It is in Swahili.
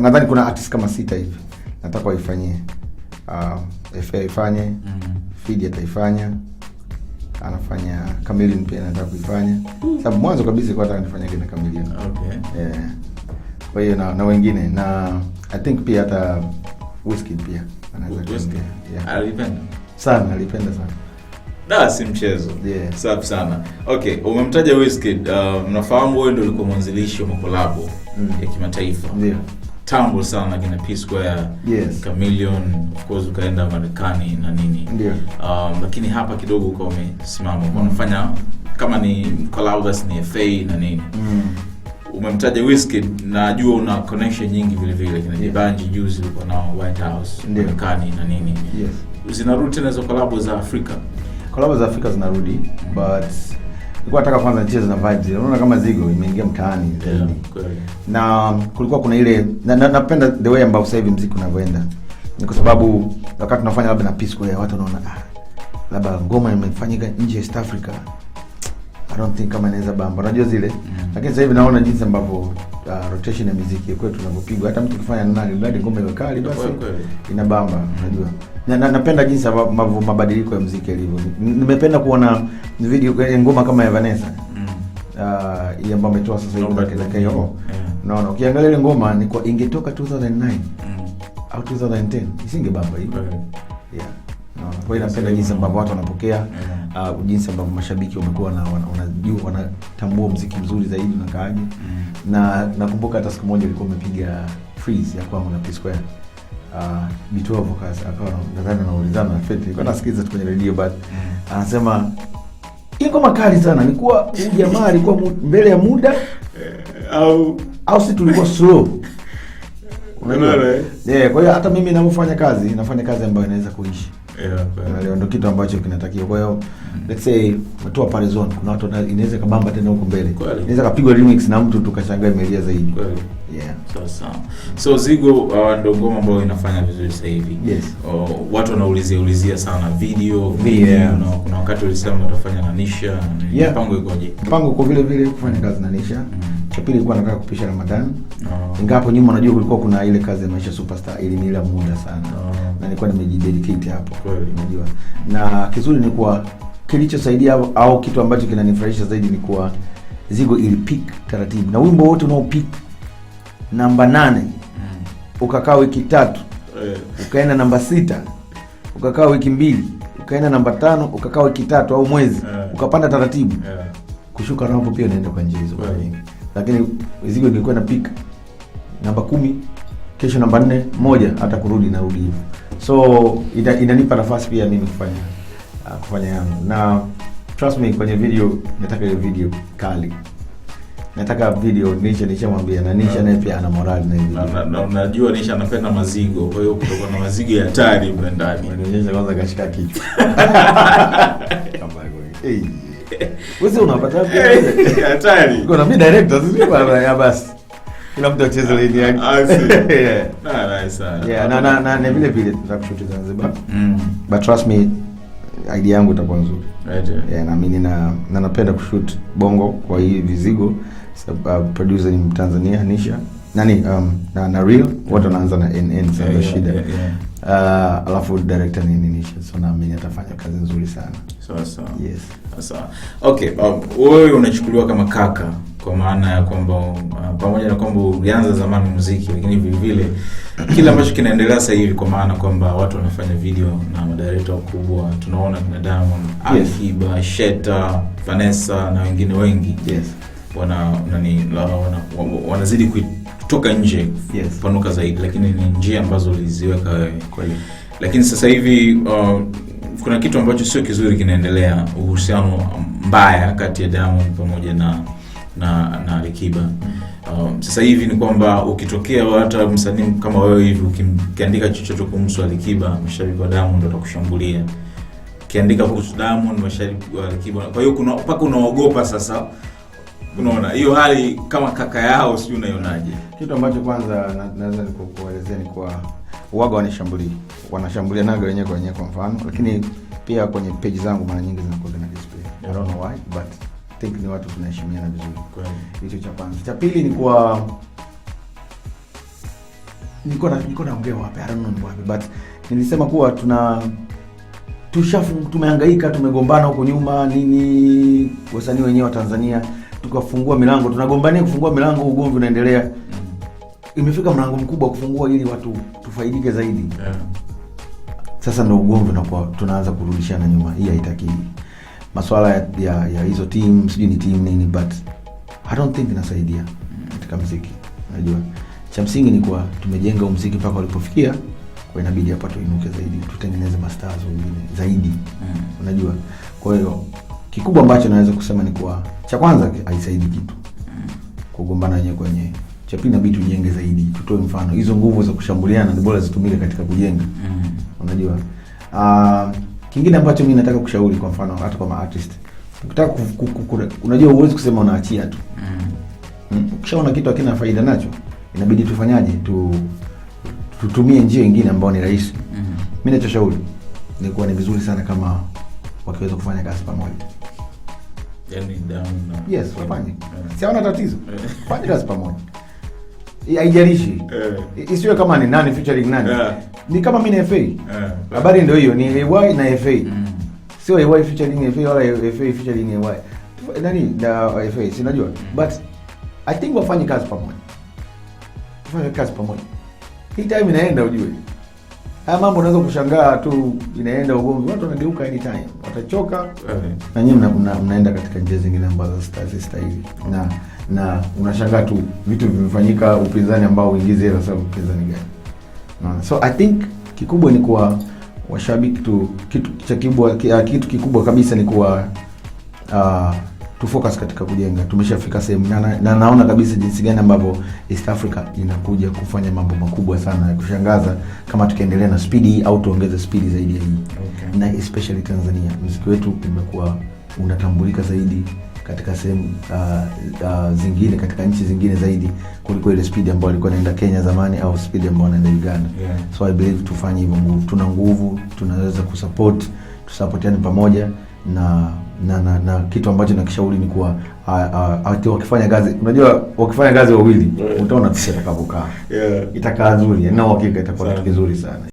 nadhani kuna artist kama sita hivi nataka waifanyie uh, um, FA ifanye mm -hmm. Fidi ataifanya anafanya Chameleon pia nataka kuifanya mm. sababu mwanzo kabisa kwa nataka nifanye na Chameleon. Okay. Yeah. Kwa hiyo na, na wengine na I think pia hata Wizkid pia anaweza yeah. Alipenda sana, alipenda sana. Da, si mchezo. Yeah. Safi sana. Okay, umemtaja Wizkid. Uh, mnafahamu wewe ndio ulikuwa mwanzilishi wa makolabo mm. ya kimataifa. Ndio. Yeah tambo sana kina P Square, yes. Chameleon of course ukaenda Marekani na nini yeah. Um, lakini hapa kidogo ukawa umesimama mm. Unafanya kama ni collabs ni FA na nini mm. Umemtaja Wizkid, najua una connection nyingi vile vile kina Jibanji juzi uko nao White House yeah. Marekani na nini yes. Zinarudi tena hizo kolabo za Afrika, kolabo za Afrika zinarudi mm. but nilikuwa nataka kwanza nicheze na vibes, unaona kama zigo imeingia mtaani yeah, na kulikuwa kuna ile na, na, napenda the way ambao sasa hivi mziki unavyoenda ni kwa sababu wakati tunafanya labda na peace kule watu wanaona ah, labda ngoma imefanyika nje East Africa I don't think kama inaweza bamba, unajua zile mm. Lakini sasa hivi naona jinsi ambavyo uh, rotation ya muziki kwetu tunapopigwa hata mtu kifanya nani, mradi ngoma iwe kali basi inabamba. Unajua na, na, napenda jinsi mabadiliko ya muziki yalivyo. Nimependa kuona video ngoma kama ya Vanessa mm. uh, ambayo ametoa sasa hivi na KO yeah. Naona ukiangalia ile ngoma ni kwa ingetoka 2009 mm. au 2010 isingebamba hiyo yeah. Kwa hiyo napenda jinsi ambavyo watu wanapokea mm. uh, jinsi ambavyo mashabiki wamekuwa na wanajua wanatambua mziki mzuri zaidi unakaaje. Mm. Na nakumbuka hata siku moja ilikuwa umepiga freeze ya kwangu na P Square. Uh, Bitoa Vocals akawa nadhani anaulizana na Fete. Nilikuwa nasikiza tu kwenye radio but mm. anasema ilikuwa makali sana. Nilikuwa jamaa alikuwa mbele ya muda eh, au au si tulikuwa slow. Unaona? Eh, yeah, kwa hiyo hata mimi ninapofanya kazi, nafanya kazi ambayo inaweza kuishi yeah, ndio kitu ambacho kinatakiwa. Kwa hiyo let's say watu pale zone, kuna watu inaweza kabamba tena huko mbele, inaweza kapigwa remix na mtu tukashangaa imelia zaidi kweli. Yeah. So, so. So Zigo uh, ndio ngoma ambayo inafanya vizuri sasa hivi. Yes. Uh, watu wanaulizia ulizia sana video, video yeah. Na kuna wakati ulisema utafanya na Nisha, yeah. Mpango ikoje? Mpango uko vile vile kufanya kazi na Nisha. Mm. Cha pili nilikuwa nataka kupisha Ramadan Oh. Ah. Ingapo nyuma najua kulikuwa kuna ile kazi ya Maisha Superstar ili nila muda sana. Oh. Na nilikuwa nimejidedicate hapo. Kweli unajua. Na kizuri ni kuwa kilichosaidia au kitu ambacho kinanifurahisha zaidi ni kuwa zigo ilipik taratibu. Na wimbo wote unaopik namba nane mm. ukakaa wiki tatu yeah. ukaenda namba sita ukakaa wiki mbili ukaenda namba tano ukakaa wiki tatu au mwezi yeah. ukapanda taratibu yeah. kushuka rambo pia unaenda kwa njia hizo yeah lakini Izigwe ilikuwa inapika namba kumi, kesho namba nne moja, hata kurudi narudi hivyo, so ina, inanipa nafasi pia mimi kufanya uh, kufanya yangu na trust me, kwenye video nataka hiyo video kali nataka video Nisha nishamwambia na Nisha naye pia ana morali na unajua Nisha anapenda mazigo, kwa hiyo kutoka na mazigo hatari mle ndani. nionyesha kwanza kashika kichwa. Wewe unapata wapi? Hatari. Kuna mimi director sisi baba ya basi. Kila mtu acheze ah, line yake. Ah, si. Ah. Yeah. Na nice na na na vile vile tutakushuti Zanzibar. Mm. But trust me idea yangu itakuwa nzuri. Right. Yeah, yeah na mimi na na napenda kushoot Bongo kwa hii vizigo sababu uh, producer ni Mtanzania Nisha nani um, na, na real watu wanaanza na NN sio yeah, shida yeah, yeah. Uh, alafu director nini nisha so naamini atafanya kazi nzuri sana sawa so, sawa so. yes sawa so, okay um, wewe um, unachukuliwa kama kaka kwa maana ya kwamba uh, pamoja na kwamba ulianza zamani muziki lakini vile vile kile ambacho kinaendelea sasa hivi kwa maana kwamba watu wanafanya video na madirekta wakubwa tunaona kina Diamond, yes. Alikiba, Sheta, Vanessa na wengine wengi yes. wana nani wana, wana, wana, wana, wana, wana, wana, wana kutoka nje kupanuka yes, zaidi, lakini ni njia ambazo uliziweka wewe kweli. Lakini sasa hivi uh, kuna kitu ambacho sio kizuri kinaendelea, uhusiano mbaya kati ya Diamond pamoja na na na Alikiba. Um, sasa hivi ni kwamba ukitokea hata msanii kama wewe hivi ukiandika chochote kuhusu Alikiba, mashabiki wa Diamond ndio atakushambulia. Ukiandika kuhusu Diamond, mashabiki wa Alikiba, kwa hiyo kuna mpaka unaogopa sasa unaona hiyo hali kama kaka yao, sijui unaionaje? Kitu ambacho kwanza naweza nikuelezea ni kwa uwaga wanishambuli wanashambulia naga wenyewe kwa wenyewe, kwa mfano, lakini pia kwenye page zangu mara nyingi zinakuwa na display I don't know why but I think ni watu tunaheshimiana vizuri. Hicho cha kwanza. Cha pili ni kwa niko na niko naongea wapi, I don't know wapi but nilisema kuwa tuna tushafu tumehangaika tumegombana huko nyuma nini, wasanii wenyewe wa Tanzania tukafungua milango, tunagombania kufungua milango, ugomvi unaendelea. Imefika mlango mkubwa kufungua ili watu tufaidike zaidi yeah. Sasa ndo ugomvi unakuwa tunaanza kurudishana nyuma, hii haitaki maswala ya, ya, ya hizo tim sijui ni tim nini, but I don't think inasaidia katika mziki Unajua, cha msingi ni kuwa tumejenga umziki mpaka walipofikia kwa inabidi hapa tuinuke zaidi, tutengeneze masters wengine zaidi, mm. unajua, kwa hiyo Kikubwa ambacho naweza kusema ni kuwa cha kwanza haisaidi kitu kugombana wenyewe kwa Cha pili inabidi tujenge zaidi, tutoe mfano. Hizo nguvu za kushambuliana ni bora zitumike katika kujenga. Mm. Unajua? uh, kingine ambacho mimi nataka kushauri kwa mfano hata kama artist. Ukitaka unajua huwezi kusema unaachia tu. Mm. mm. Ukishaona kitu hakina faida nacho, inabidi tufanyaje? Tu tutumie njia nyingine ambayo ni rahisi. Mm. Mimi nachoshauri ni kuwa ni vizuri sana kama wakiweza kufanya kazi pamoja. Yani Yes, wafanye. Eh. tatizo. Eh. Fanye kazi pamoja. Haijalishi. Eh. Isiwe kama ni nani featuring nani. Ni kama mimi na FA. Habari ndio hiyo, ni AY na FA. Mm. Sio AY featuring FA wala FA featuring AY. Nani na FA sinajua. Mm. But I think wafanye kazi pamoja. Wafanye kazi pamoja. Hii time inaenda ujue. Haya mambo unaweza kushangaa tu, inaenda ugomvi, watu wanageuka anytime, watachoka eh. Na nyinyi mna, mnaenda katika njia zingine ambazo hazistahili, na na unashangaa tu vitu vimefanyika, upinzani ambao uingize hela. sababu upinzani gani? Unaona, so I think kikubwa ni kuwa washabiki tu, kitu cha kikubwa kitu kikubwa kabisa ni kuwa uh, tufocus katika kujenga. Tumeshafika sehemu na, na na naona kabisa jinsi gani ambavyo East Africa inakuja kufanya mambo makubwa sana ya kushangaza kama tukiendelea na spidi hii au tuongeze spidi zaidi ya hii okay. Na especially Tanzania muziki wetu umekuwa unatambulika zaidi katika sehemu uh, uh, zingine katika nchi zingine zaidi kuliko ile spidi ambayo alikuwa naenda Kenya zamani au spidi ambayo anaenda Uganda yeah. So I believe tufanye hivyo nguvu, tuna nguvu, tunaweza kusupport, tusapotiane pamoja na na, na, na kitu ambacho nakishauri ni kuwa wakifanya kazi, unajua wakifanya kazi wawili, mm. utaona picha itakapokaa, itakaa nzuri yaani na uhakika itakuwa kitu kizuri sana.